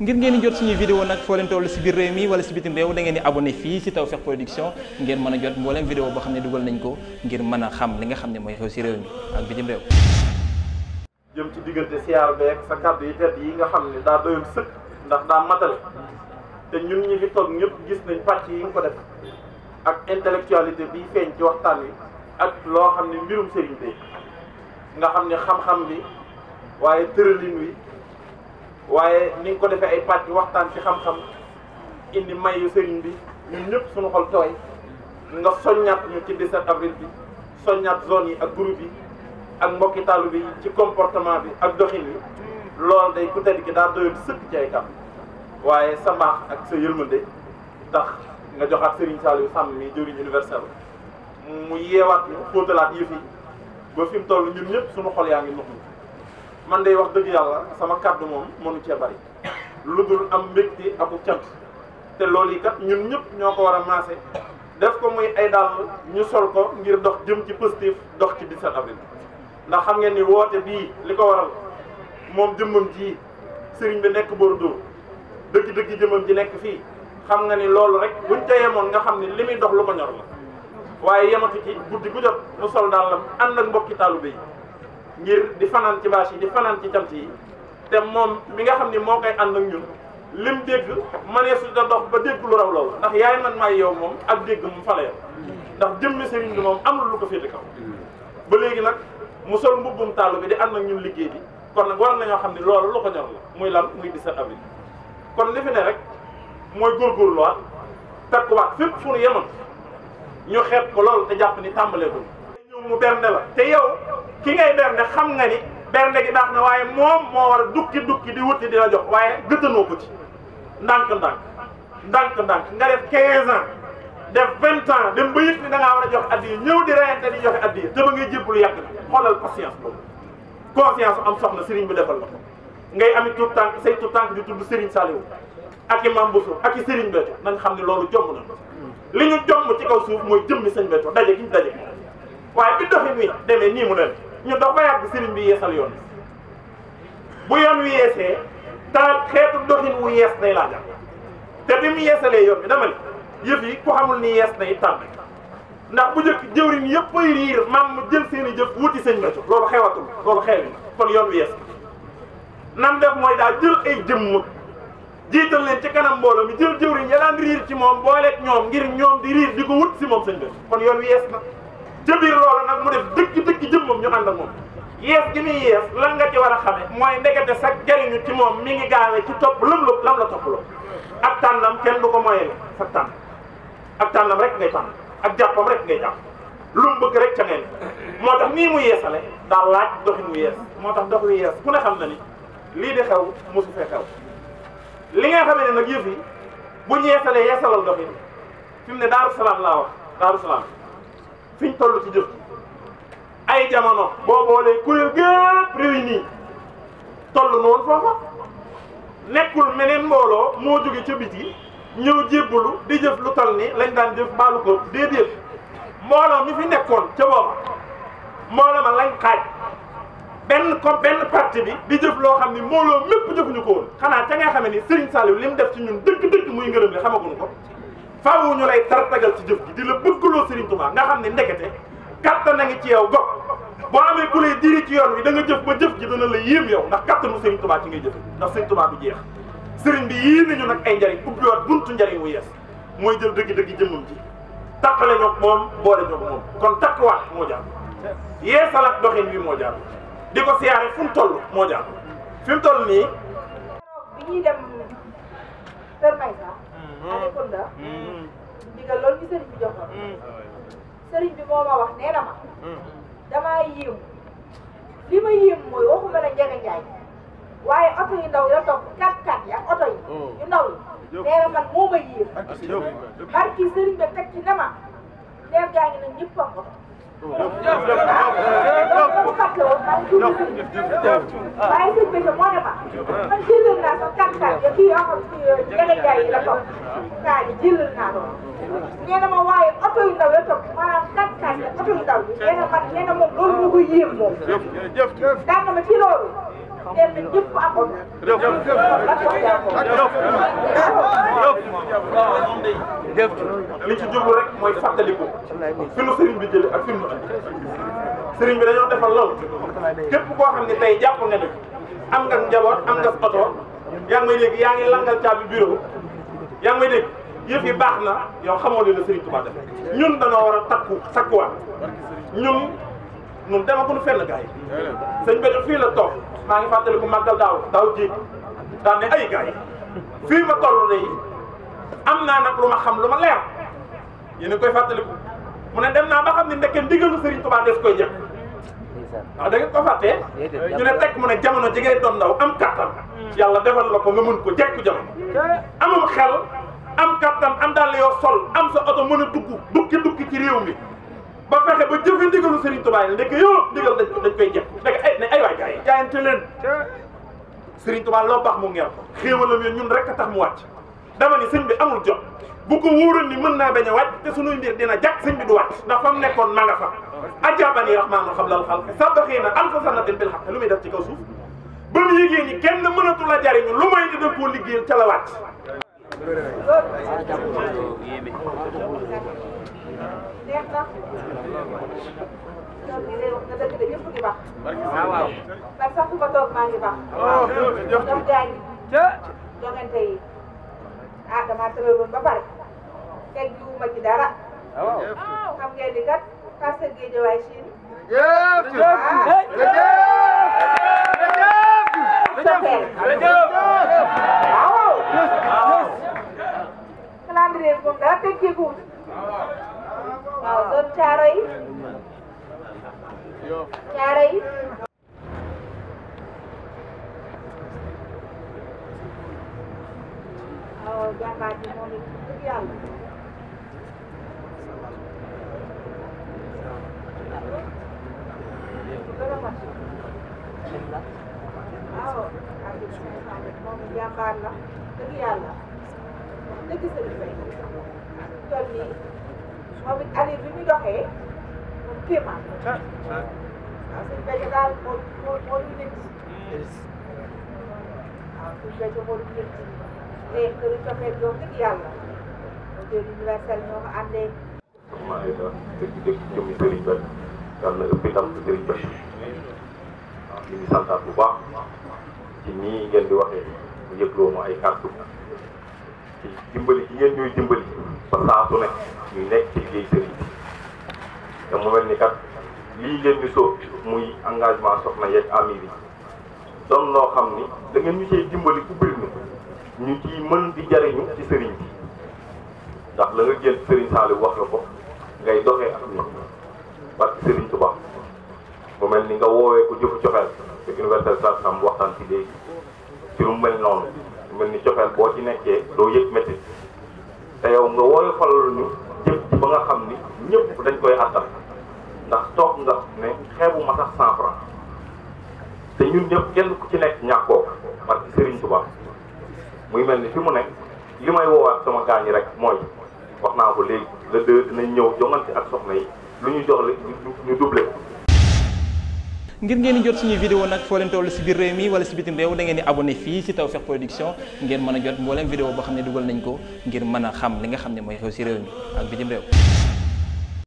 ngir ngeen jot suñu vidéo nag foo leen toll si biir réew mi wala si bitim réew da ngeen di abonné fii si Tawfekh Production ngeen mën a jot mbooleem vidéo boo xam ne dugal nañ ko ngir mën a xam li nga xam ne mooy xew si réew mi ak bitim réew jëm ci diggante siyaar beeg sa kàddu yi tedd yi nga xam ne daa doyoon sëkk ndax daa matal te ñun ñi fi toog ñëpp gis nañ pàcc yi nga ko def ak intellectualité bi feeñ ci wi ak loo xam ne mbirum sëriñ bi nga xam ne xam-xam bi waaye tëralin wi waaye ni nga ko defee ay pàcc waxtaan ci xam-xam indi mayu sëriñ bi ñun ñëpp suñu xol tooy nga soññaat ñu ci 17 avril bi soññaat zone yi ak groupe yi ak mbokki taalu bi ci comportement bi ak doxin yi loolu day ku tedd ki daa doyul sëkk ci ay kam waaye sa mbaax ak sa yërmande tax nga joxaat Serigne Saliou Samb mi jëriñ universel mu yeewaat ñu xóotalaat yëf yi ba fi mu toll ñun ñëpp suñu xol yaa ngi nux man day wax dëgg yàlla sama kàddu moom mënu cee bari lu dul am mbégte ak cant te loolu yi kat ñun ñëpp ñoo ko war a maase def ko muy ay dàll ñu sol ko ngir dox jëm ci positif dox ci 17 avril ndax xam nga ni woote bii li ko waral moom jëmmam ji sëriñ bi nekk Bordeaux dëgg-dëgg jëmmam ji nekk fii xam nga ni loolu rek buñ ca yemoon nga xam ni li muy dox lu ko ñor la waaye yematu ci guddi gu jot mu sol dàllam ànd ak mbokki taalibe yi ngir di fanaan ci bâche yi di fanaan ci jant yi te moom mi nga xam ni moo koy ànd ak ñun lim dégg mënees su da ba dégg lu raw loolu ndax yaay man maay yow moom ak dégg mu fale yow ndax jëmmi sëriñ bi moom amul lu ko féete kaw ba léegi nag mu sol mbubbum tàllu bi di ànd ak ñun liggéey bi kon nag war nañoo xam ni loolu lu ko ñor la muy lan muy 17 avril kon li fi ne rek mooy góorgóorluwaat takkuwaat fépp fu nu yemoon ñu xeeb ko loolu te jàpp ni tàmbaleegul ñëw mu bernde la te yow ki ngay bernde xam nga ni bernde gi baax na waaye moom moo war a dukki dukki di wuti dina jox waaye gëtanoo ko ci ndànk-ndànk ndànk-ndànk nga def 15 ans def 20 ans dem ba yëg ni da ngaa war a jox addi ñëw di reyante di joxe addi te ba ngay jébbalu yàgg na xoolal patience boobu conscience am soxna sëriñ bi defal la ngay amit tout tànk say tout tànk di tudd sëriñ Saliou ak i Mame Bousso ak i sëriñ Béthio nañ xam ne loolu jomm na li ñu jomm ci kaw suuf mooy jëmmi sëñ Béthio daje gi bi doxin wi demee nii mu ne ñu dox ba yàgg sëriñ bi yeesal yoon bu yoon wi yeesee taal xeetu doxin wu yees day laajal te bi mu yeesalee yoon bi dama li yëf yi xamul ni yees nay tànn ndax bu njëkk jëwriñ yëpp ay riir maam mu jël seen i jëf wuti sëñ Béthio loolu xewatul loolu xew na kon yoon wi yees nam def mooy daa jël ay jëmm jiital leen ci kanam mbooloo mi jël jëwriñ ya daan riir ci moom booleeg ñoom ngir ñoom di riir di ko wut si moom sëñ Béthio kon yoon wi yees na ca biir loolu nag mu def dëgg dëgg moom ñu ànd ak moom yees gi muy yees lan nga ci war a xame mooy ndekete sax ñu ci moom mi ngi gaawee ci topp lëm lu lam la topp loo ak tànnam kenn du ko moyele sa tànn ak tànnam rek ngay tànn ak jàppam rek ngay jàpp lu mu bëgg rek ca ngeen moo tax nii mu yeesale daal laaj doxin wu yees moo tax dox wu yees ku ne xam na ni lii di xew mosu fee xew li nga xamee ne nag yëf yi bu ñu yeesalee yeesalal doxin fi mu ne daaru salaam laa wax daaru fi ñu toll ci jëf ay jamono boo boolee kuréel gépp réunis toll noonu foofa nekkul meneen mbooloo moo jóge ca biti ñëw jébbalu di jëf lu toll ni lañ daan jëf baalu ko déedéet mbooloo mi fi nekkoon ca booba mbooloo ma lañ xaaj benn comme benn parti bi di jëf loo xam ni mbooloo mépp jëfuñu ko woon xanaa ca nga xam ni Serigne Saliou li mu def ci ñun dëkk dëgg muy ngërëm li xamaguñ ko. faaw ñu lay tartagal ci jëf gi di la bëggloo Serigne Touba nga xam ne ndekete kattan ngi ci yow gox boo amee ku lay diri ci yoon wi da nga jëf ba jëf ji dana la yéem yow ndax kattanu Serigne Touba ci ngay jëf ndax Serigne Touba du jeex Serigne bi yii nañu nag ay njariñ ubbiwaat buntu njariñ wu yees mooy jël dëgg-dëgg jëmmam ji takkale ñoog moom boole ñoog moom kon takkuwaat moo jaar yeesalaat doxin wi moo jaar di ko siyaare fu mu toll moo jaar fi mu toll nii. bi ñuy dem Kër Maysa aleykum la ndigal loolu ñu sëriñ bi jox mmh. sëriñ bi ma wax nee na ma mmh. damaa yéem li ma yéem mooy waxuma la njëga njaay waaye oto yu ndaw la topp kat kat ya oto yi mmh. yu ndaw yi nee na man moo ma yéem barki sëriñ bi teg ci ne ma leer gaa ngi na ñëpp am waaye sëñ bi moo ne ma man jëlal naa ko kàttan ya kii amul njëriñ jaay yi la topp saa yi jëlal naa waaye oto yu ndaw la topp maanaam kàttan ya oto yu ndaw yi nee na man loolu moo ko yéem moom daan na ma ci loolu nee na ñëpp def ci liñ ci jublu rek mooy fàttaliku fi nu sëriñ bi jëlee ak fi mu sëriñ bi dañoo defal lool képp koo xam ne tey jàpp nga ni am nga njaboot am nga oto yaa ngi may yaa ngi langal caabi bureau yaa ngi may dégg yëf yi baax na yow xamoo ne la sëriñ Tuubaa ñun danoo war a takku sakkuwaat ñun ñun demaguñu fenn gars yi sëñ bi fii la toog maa ngi fàttaliku màggal daaw daaw jéeg daan ne ay gars fii ma toll nii am naa nag lu ma xam lu ma leer yéen a koy fàttaliku mu ne dem naa ba xam ne ndekke ndigalu Serigne Touba des koy jëf waaw ah, da ngeen ko fàttee ñu ne teg mu ne jamono ji ngay doon ndaw am kattan hmm. yàlla defal la ko nga mën ko jekku jamono hmm. amum xel am kattan am daal yoo sol am sa oto mën a dugg dukki dukki ci réew mi ba fexe ba jëfe ndigalu Serigne Touba yi ndekk yoo ndigal dañ dañ koy jekku ndekk ay ne ay waay gars yi jaayante leen hmm. Serigne Touba loo baax mu ngeer ko xéewalam yéen ñun rek tax mu wàcc dama ni sëñ amul jot bu ko wóoroon ni mën naa bañ a wàcc te sunuy mbir dina jàpp sëñ bi du wàcc ndax fa mu nekkoon ma nga fa ajaabani rahmaanu xablal xalqi sabaxiina alfa sanatin bil xaq lu may def ci kaw suuf ba mu yëgee ni kenn mënatu la jariñu lu may dina koo liggéeyal ca la wàcc waaw waaw. man sax ku ko toog maa ngi baax. waaw jërëjëf jërëjëf. jongante yi. ah damaa tëraloon ba pare teg jiwu ma ci dara. waaw xam ngeen ni kat parce que Guédiawaye Chine. jërëjëf calendrier moom dara teg ci guut. waaw zone caaro yi caaro yi. dëgg yàlla waaw moom jàmbaar la dëgg yàlla dëgg sëriñ Faye toll nii moom it Aliou bi muy doxee moom kéemaan waaw sëriñ Faye daal moo moo moo ñu nekk waaw sëriñ Faye moo ñu nekk mais kër yi de l'universel ñoo bu baax ci di waxee mu yëgloo ma ay dimbali ci ngeen ñuy dimbali ñu nekk ci liggéey Serigne mel ni kat lii ngeen engagement soxna yeeg ami doon loo xam ni da ngeen ñu cee dimbali ku bëri ñu ñu ciy mën di jariñu ci Serigne bi. ndax la nga jël Serigne Saliou wax la ko ngay doxee ak ñoom parce que Serigne Touba mu mel ni nga woowee ku jëfu coxeel te universel sam waxtaan ci léegi ci lu mel noonu mu mel ni coxeel boo ci nekkee doo yëg métti te yow nga wooye falal ñu ba nga xam ni ñëpp dañ koy àttal ndax toog nga ne xeebu ma sax cent franc te ñun ñëpp kenn ku ci nekk ñàkkoo parce que Serigne Touba muy mel ni fi mu nekk li may woowaat sama gaañ rek mooy wax naa ko léegi le deux dinañ ñëw jongante ak soxna yi lu ñu jox ñu doublé ngir ngeen di jot suñuy vidéo nag foo leen toll si biir réew mi wala si bitim réew da ngeen di abonné fii si Tawfekh Production ngeen mën a jot mbooleem vidéo boo xam ne dugal nañ ko ngir mën a xam li nga xam ne mooy xew si réew mi ak bitim réew